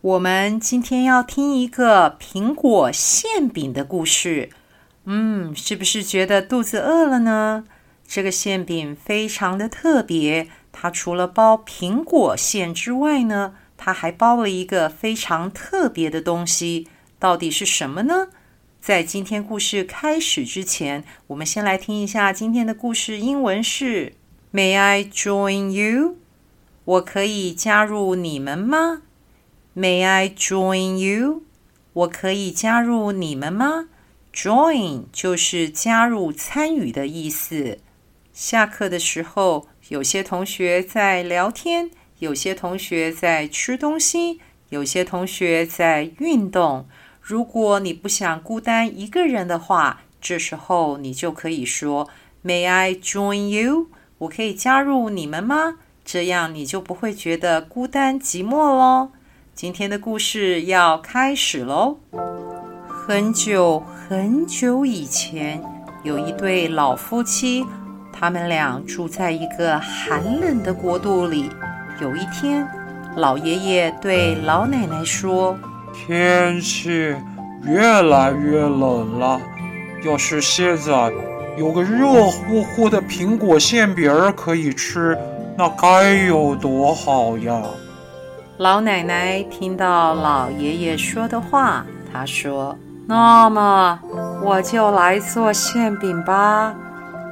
我們今天要聽一個蘋果餡餅的故事。嗯，是不是覺得肚子餓了呢？這個餡餅非常的特別，它除了包蘋果餡之外呢，它還包了一個非常特別的東西。到底是什麼呢？在今天故事開始之前，我們先來聽一下今天的故事英文是，May I join you？我可以加入你們嗎？May I join you？我可以加入你們嗎？Join 就是加入、參與的意思。下課的時候，有些同學在聊天，有些同學在吃東西，有些同學在運動。如果你不想孤單一個人的話，這時候你就可以說 May I join you？我可以加入你們嗎？這樣你就不會覺得孤單寂寞嘍。今天的故事要開始嘍。很久很久以前，有一對老夫妻，他們倆住在一個寒冷的國度裡。有一天，老爺爺對老奶奶說：“天氣越來越冷了，要是現在有個熱乎乎的蘋果餡餅兒可以吃，那該有多好呀！”老奶奶聽到老爺爺說的話，她說：“那麼我就來做餡餅吧。”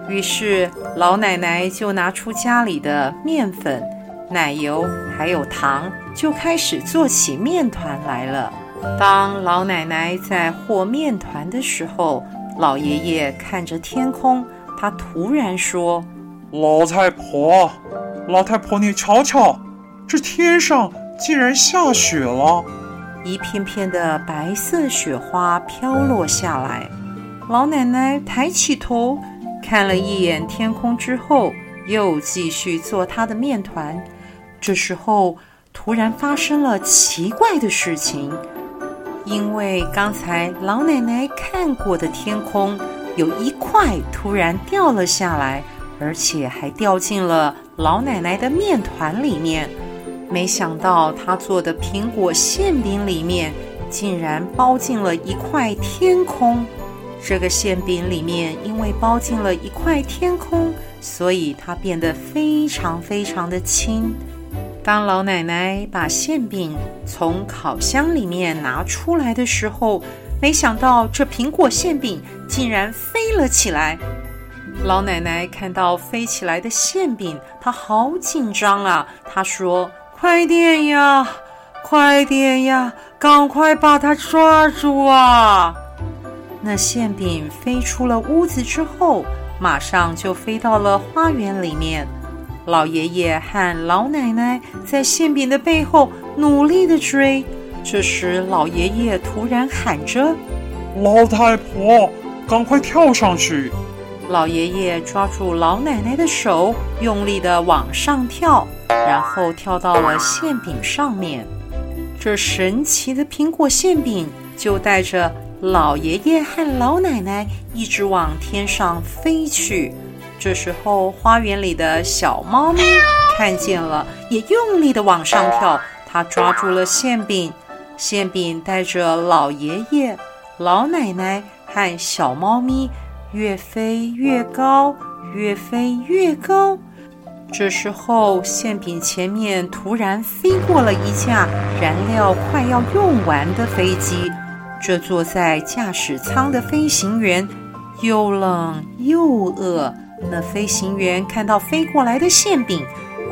於是老奶奶就拿出家裡的麵粉、奶油還有糖，就開始做起麵團來了。當老奶奶在和麵團的時候，老爺爺看着天空，他突然說：“老太婆，老太婆，你瞧瞧，這天上……”竟然下雪了，一片片的白色雪花飄落下來。老奶奶抬起頭看了一眼天空之後，又繼續做她的麵團。這時候，突然發生了奇怪的事情，因為剛才老奶奶看過的天空有一塊突然掉了下來，而且還掉進了老奶奶的麵團裡面。沒想到他做的蘋果餡餅裡面竟然包進了一塊天空。這個餡餅裡面因為包進了一塊天空，所以它變得非常非常的輕。當老奶奶把餡餅從烤箱裡面拿出來的時候，沒想到這蘋果餡餅竟然飛了起來。老奶奶看到飛起來的餡餅，她好緊張啊，她說。快點呀，快點呀！趕快把它抓住啊！那餡餅飛出了屋子之後，馬上就飛到了花園裡面。老爺爺和老奶奶在餡餅的背後努力地追。這時，老爺爺突然喊着：“老太婆，趕快跳上去！”老爺爺抓住老奶奶的手，用力地往上跳。然後跳到了餡餅上面，這神奇的蘋果餡餅就帶着老爺爺和老奶奶一直往天上飛去。這時候，花園裡的小貓咪看見了，也用力地往上跳。它抓住了餡餅，餡餅帶着老爺爺、老奶奶和小貓咪越飛越高，越飛越高。這時候，餡餅前面突然飛過了一架燃料快要用完的飛機。這坐在駕駛艙的飛行員又冷又餓。那飛行員看到飛過來的餡餅，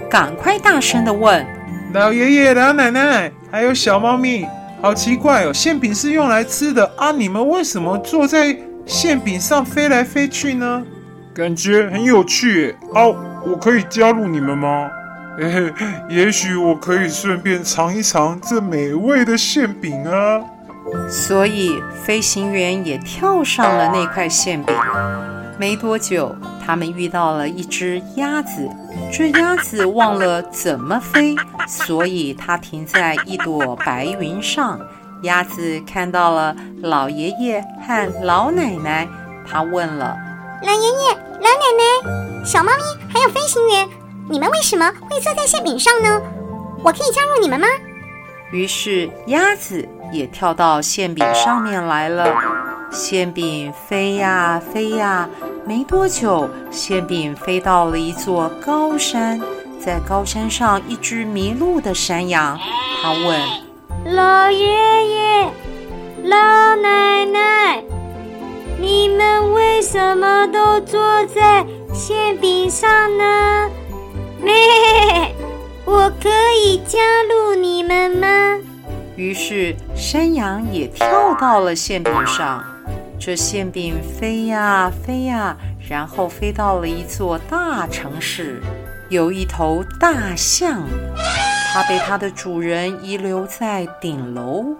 趕快大聲地問：“老爺爺、老奶奶，還有小貓咪，好奇怪哦！餡餅是用來吃的啊，你們為什麼坐在餡餅上飛來飛去呢？感覺很有趣哦！”我可以加入你們嗎？嘿、哎、嘿，也許我可以順便嘗一嘗這美味的餡餅啊！所以飛行員也跳上了那塊餡餅。沒多久，他們遇到了一隻鴨子。這鴨子忘了怎麼飛，所以他停在一朵白雲上。鴨子看到了老爺爺和老奶奶，他問了老爺爺。老奶奶、小貓咪還有飛行員，你們為什麼會坐在餡餅上呢？我可以加入你們嗎？於是鴨子也跳到餡餅上面來了。餡餅飛呀飛呀，沒多久，餡餅飛到了一座高山。在高山上，一隻迷路的山羊，它問老爺爺、老奶奶。你們為什麼都坐在餡餅上呢？咩，我可以加入你們嗎？於是山羊也跳到了餡餅上，這餡餅飛呀、啊、飛呀、啊，然後飛到了一座大城市。有一頭大象，它被它的主人遺留在頂樓。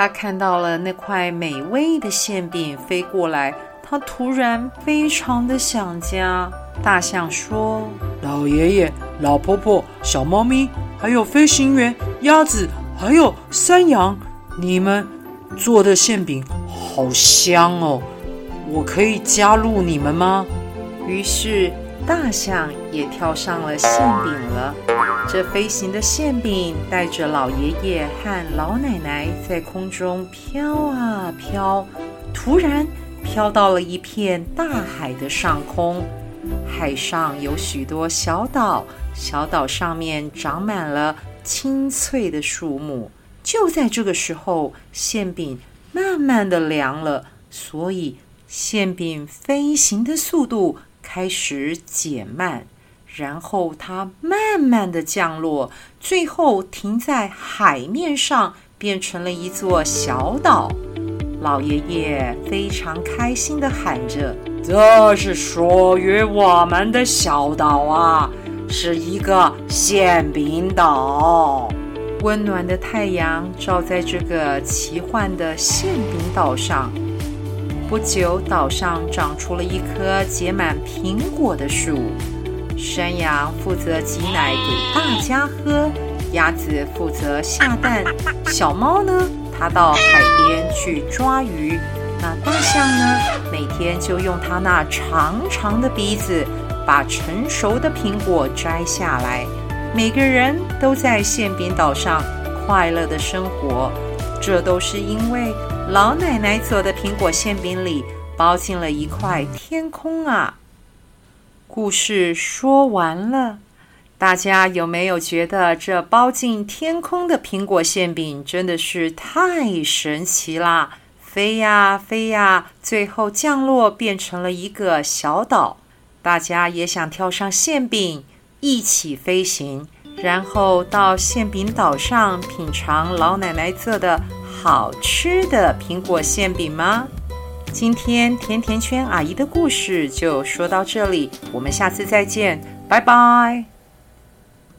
他看到了那塊美味的餡餅飛過來，他突然非常的想家。大象說：“老爺爺、老婆婆、小貓咪，還有飛行員、鴨子，還有山羊，你們做的餡餅好香哦！我可以加入你們嗎？”於是。大象也跳上了餡餅了。這飛行的餡餅帶着老爺爺和老奶奶在空中飄啊飄，突然飄到了一片大海的上空。海上有許多小島，小島上面長滿了青翠的樹木。就在這個時候，餡餅慢慢的涼了，所以餡餅飛行的速度。開始減慢，然後它慢慢地降落，最後停在海面上，變成了一座小島。老爺爺非常開心地喊着：“這是屬於我們的小島啊，是一個餡餅島。”溫暖的太陽照在這個奇幻的餡餅島上。不久，島上長出了一棵結滿蘋果的樹。山羊負責擠奶給大家喝，鴨子負責下蛋，小貓呢，它到海邊去抓魚。那大象呢，每天就用它那長長的鼻子把成熟的蘋果摘下來。每個人都在餡餅島上快樂地生活，這都是因為，老奶奶做的蘋果餡餅裡包進了一塊天空啊！故事說完了，大家有沒有覺得這包進天空的蘋果餡餅真的是太神奇啦？飛呀、啊、飛呀、啊，最後降落變成了一個小島。大家也想跳上餡餅一起飛行，然後到餡餅島上品嘗老奶奶做的。好吃的蘋果餡餅嗎？今天甜甜圈阿姨的故事就說到這裡，我們下次再見，拜拜。